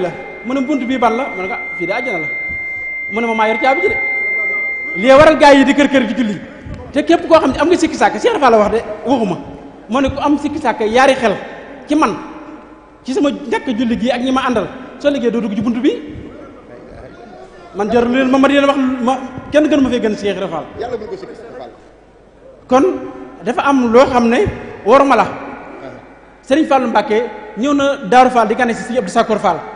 la mu ne bunt bii ban la mu ko fii de àjjana la mu ma maa yor caabi de lii waral gaa yi di kër julli te am nga sikki sàkk Cheikh Fall la wax de waxuma mu ne am sikki sàkk yaari xel ci man ci sama njëkk julli gii ak ci bi man ma wax kenn gën ma gën Cheikh kon dafa am loo xam ne la ah. Serigne Fallou Mbacké ñëw na Daaru Fall di gane Abdou Sakor Fall